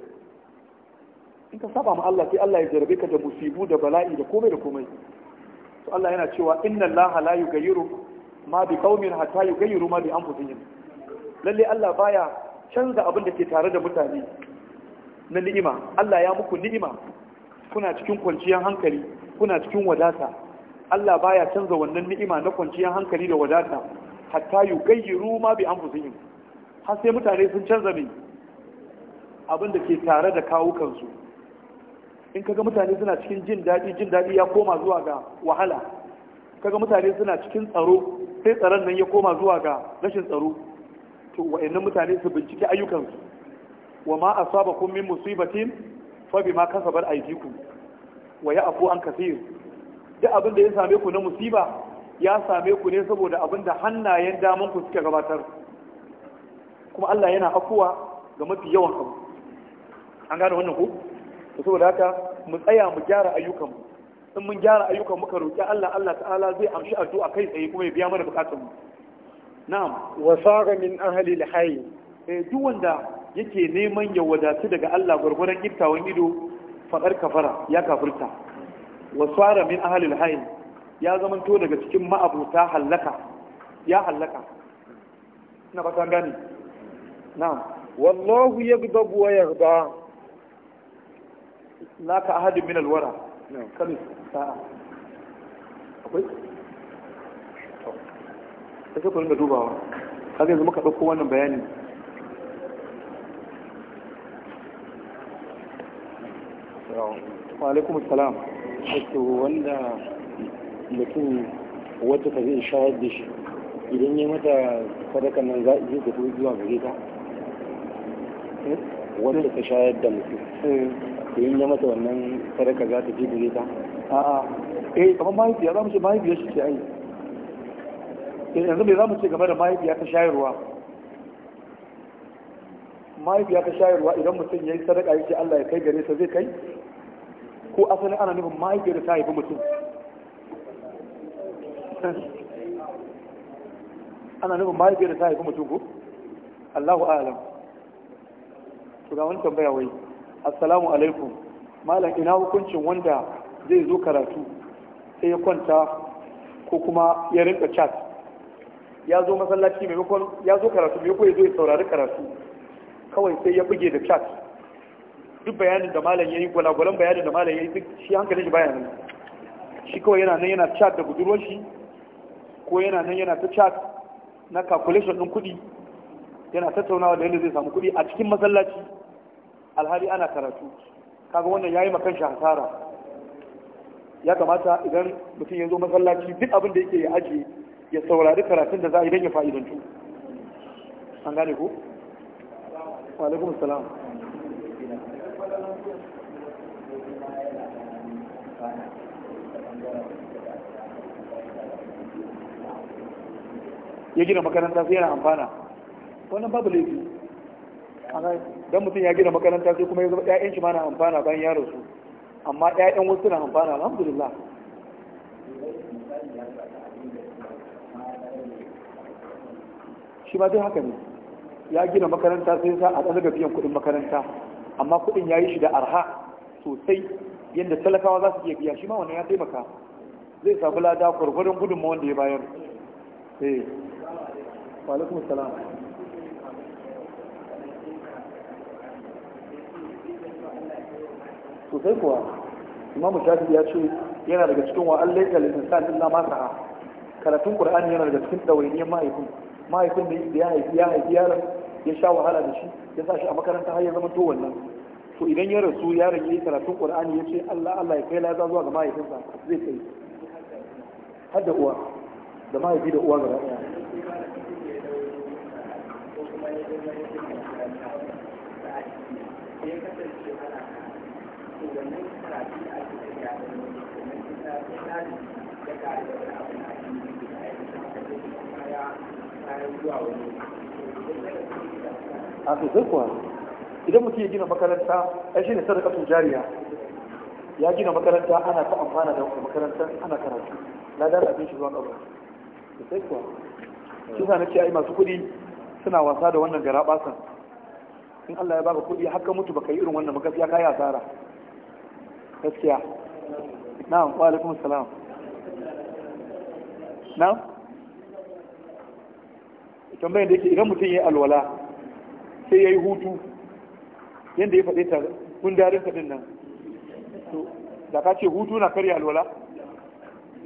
in ka saba ma Allah sai Allah ya jarabe ka da musibu da bala'i da komai da komai to Allah yana cewa inna Allah la yughayyiru ma bi qaumin hatta yughayyiru ma bi anfusihim lalle Allah baya canza abin da ke tare da mutane na ni'ima Allah ya muku ni'ima kuna cikin kwanciyar hankali kuna cikin wadata Allah baya canza wannan ni'ima na kwanciyar hankali da wadata hatta yughayyiru ma bi anfusihim har sai mutane sun canza ne abin da ke tare da kawukansu in kaga mutane suna cikin jin daɗi jin daɗi ya koma zuwa ga wahala kaga mutane suna cikin tsaro sai tsaron nan ya koma zuwa ga rashin tsaro to wa'annan mutane su bincike ayyukansu wa ma asabakum min musibatin fa bima kasabat aydikum wa ya'fu an kaseer duk abin ya same ku na musiba ya same ku ne saboda abin da hannayen damanku suke gabatar kuma Allah yana afuwa ga mafi yawan abu an gane wannan ko to saboda haka mu tsaya mu gyara ayyukan in mun gyara ayyukan muka roki Allah Allah ta'ala zai amshi addu'a kai tsaye kuma ya biya mana bukatun mu na'am wa sara min ahli al-hayy eh duk wanda yake neman ya wadatu daga Allah gurgurun iftawan ido faɗar kafara ya kafirta wa sara min ahli al-hayy ya zamanto daga cikin ma'abuta hallaka ya hallaka ina ba ta gane na'am wallahu yaghdabu wa yaghda la ka ahadin min alwara kan sa'a akwai ta kafa ringa dubawa kaga yanzu muka ɗauko wannan bayani wa alaikum salam wato wanda mutum wata ta zai shayar da shi idan yi mata sadaka nan za yi iya tafi zuwa gare ta eh? wanda ka shayar da mutum eh. da yin mata wannan sadaka za ta fi gare ta a'a eh kamar mahaifiya za mu ce mahaifiya shi ce ai eh, yanzu me za mu ce game da mahaifiya ta shayarwa mahaifiya ta shayarwa idan mutum ya yi sadaka ya ce Allah ya kai gare ta zai kai ko asalin ana nufin mahaifiyar ta haifi mutum ana nufin mahaifiyar ta haifi mutum ko Allahu a'lam to ga wani tambaya wai assalamu alaikum malam ina hukuncin wanda zai zo karatu sai ya kwanta ko kuma ya rinka chat ya zo masallaci maimakon ya zo karatu maimakon ya zo ya saurari karatu kawai sai ya buge da chat duk bayanin da malam yayi gwalagwalan bayanin da malam yayi duk shi hankalin shi baya nan shi kawai yana nan yana chat da budurwar shi ko yana nan yana ta chat na calculation din kuɗi yana tattaunawa da yadda zai samu kuɗi a cikin masallaci alhali ana karatu kaga wannan yayi makan shi hasara ya kamata idan mutum ya zo masallaci duk abin da yake ya ajiye ya saurari karatun da za a yi don ya tu, an gane ko wa alaikum assalam ya gina makaranta sai yana amfana wannan babu laifi dan mutum ya gina makaranta sai kuma ya zama ƴaƴan shi ma na amfana bayan ya rasu amma ƴaƴan wasu na amfana alhamdulillah shi ma dai haka ne ya gina makaranta sai sa a ɗaga biyan kuɗin makaranta amma kuɗin ya yi shi da arha sosai yadda talakawa za su iya biya shi ma wannan ya taimaka zai samu lada kwarkwarin gudunmawar da ya bayar. Eh. wa alaikum salam. sosai kuwa imam shafi ya ce yana daga cikin wa an laika lisan illa ma sa'a karatun qur'ani yana daga cikin dawainiyar mahaifin mahaifin da ya haifi ya haifi yaron ya sha wahala da shi ya sa shi a makaranta har ya zama to wannan to idan ya rasu yaron ya yi karatun qur'ani ya ce Allah Allah ya kai laza zuwa ga mahaifinsa zai kai har da uwa da mahaifi da uwa gaba ɗaya ya kasance ana a sosai kuwa idan mutum ya gina makaranta ai shi ne sadakatun jariya ya gina makaranta ana ta amfana da makaranta ana karatu na da abin shi zuwa kabar sosai kuwa shi sa na ce ai masu kuɗi suna wasa da wannan garaɓasan, in Allah ya baka kuɗi haka mutu baka yi irin wannan makafiya kayi asara gaskiya na'am wa alaikum salam na'am tambayar da yake idan mutum ya yi alwala sai ya yi hutu yadda ya faɗe ta gundarin kaɗin nan to da ka ce hutu na karya alwala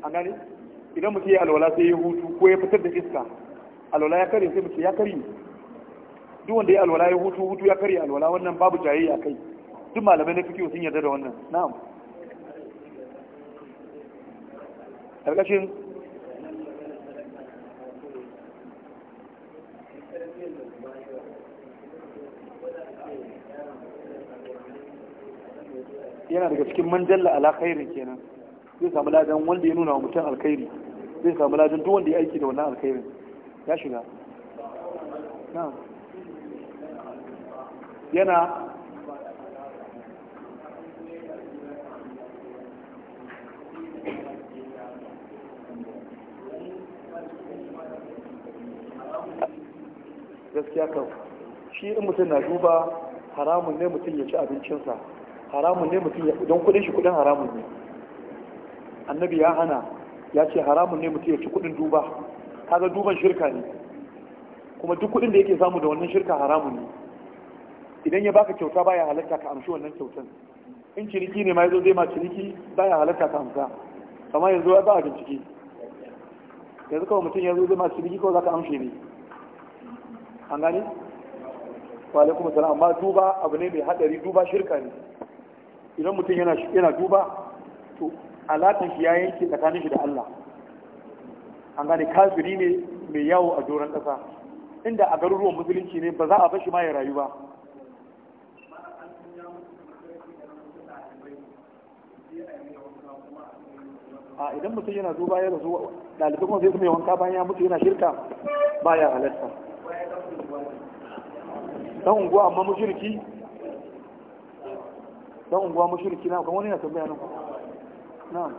a gani idan mutum ya yi alwala sai ya yi hutu ko ya fitar da iska alwala ya karye sai mutum ya karye duk wanda ya alwala ya hutu hutu ya karye alwala wannan babu jayayya kai duk malamai na fikiyo sun yarda da wannan na'am ƙarƙashin yana daga cikin manjalla alakairin kenan zai samu ladan wanda ya nuna wa mutum alkhairi zai samu ladan duk wanda ya aiki da wannan alkhairin ya shiga yana gaskiya kan shi in mutum na duba haramun ne mutum ya ci abincinsa haramun ne mutum ya don kudin shi kudin haramun ne annabi ya hana ya ce haramun ne mutum ya ci kudin duba kaga duban shirka ne kuma duk kudin da yake samu da wannan shirka haramun ne idan ya baka kyauta baya halatta ka amshi wannan kyautan in ciniki ne ma yazo zai ma ciniki baya halatta ka amsa kamar yanzu ba a bincike yanzu kawai mutum ya zo zai ma ciniki kawai zaka amshe ne an gane wa alaikum salam amma duba abu ne mai hadari duba shirka ne idan mutum yana duba to alaƙar shi ya yanke tsakanin shi da Allah an gane kafiri ne mai yawo a doron ƙasa inda a garuruwan musulunci ne ba za a bashi ma ya rayu ba a idan mutum yana duba ya rasu ɗalibai kuma sai su mai wanka bayan ya mutu yana shirka ba ya halatta dan unguwa amma mushriki dan unguwa mushriki na kuma wani na tambaya nan na'am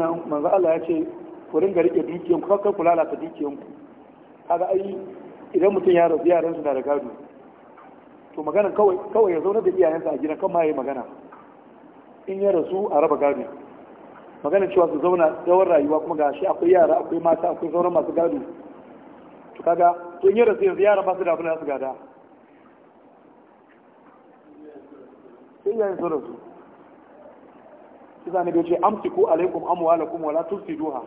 wannan manzo Allah ya ce ku ringa rike dukiyan ku kar ku lalata dukiyan ku kaga ai idan mutum ya rabu yaran su da gado to magana kawai kawai ya zauna da iyayensa a gidan kan ma yayi magana in ya rasu a raba gado magana cewa su zauna tsawon rayuwa kuma ga shi akwai yara akwai mata akwai sauran masu gado to kaga to in ya rasu yanzu yara ba su da abin da su gada sai ya su rasu isa ne ce amsiku alaikum amwalakum wala tufsiduha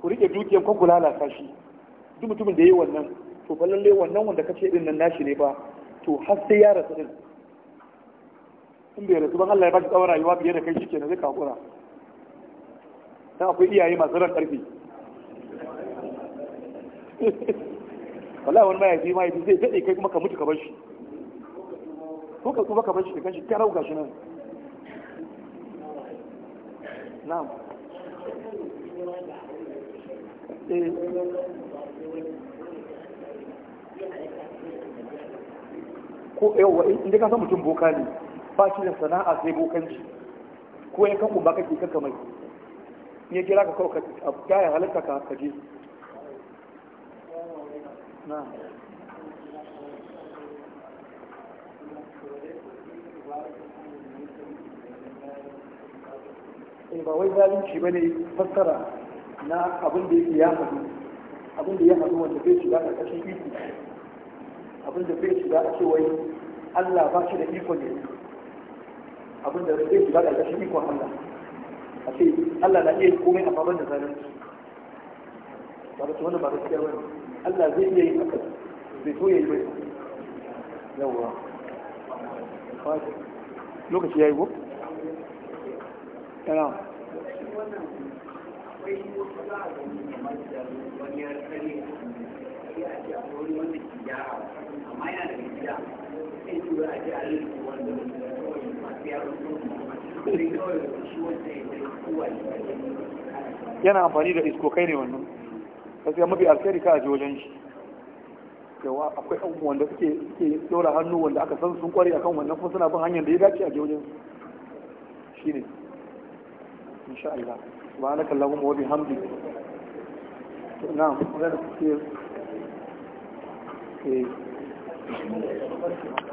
ku rike dukiyar ku ku lalata shi duk mutumin da yi wannan to fa lalle wannan wanda kace din nan nashi ne ba to har sai ya rasu din in bai rasu ban Allah ya shi tsawon rayuwa biye da kai shikenan zai kakura dan akwai iyaye masu ran karfi wallahi wani mayafi mayafi zai daɗe kai kuma ka mutu ka bar shi ko ka kuma ka bar shi kan shi ta karau gashi nan na'am eh. ko yawa inda ka san mutum boka ne ba shi da sana'a sai bokanci ko ya kan kumba kake kanka mai ya kira ka kawai ka gaya halitta ka kaje na ba wai zalunci ba ne fassara na abin da ya haɗu abin da ya haɗu wanda bai shiga a ƙarƙashin iko abin da bai shiga a ce wai Allah ba shi da iko ne abin da bai shiga ƙarƙashin ikon Allah a ce Allah na iya komai a ban da zalunci ba da wannan ba gaskiya ba Allah zai iya yin haka zai so ya yi bai yawwa lokaci ya yi ko yana amfani da iskokai ne wannan ya mafi alkhairi ka ji wajen shi yawa akwai abubuwan wanda suke suke hannu wanda aka san sun kware akan wannan kuma suna bin hanyar da ya dace a wajen shi ne. insha Allah subhanaka allahumma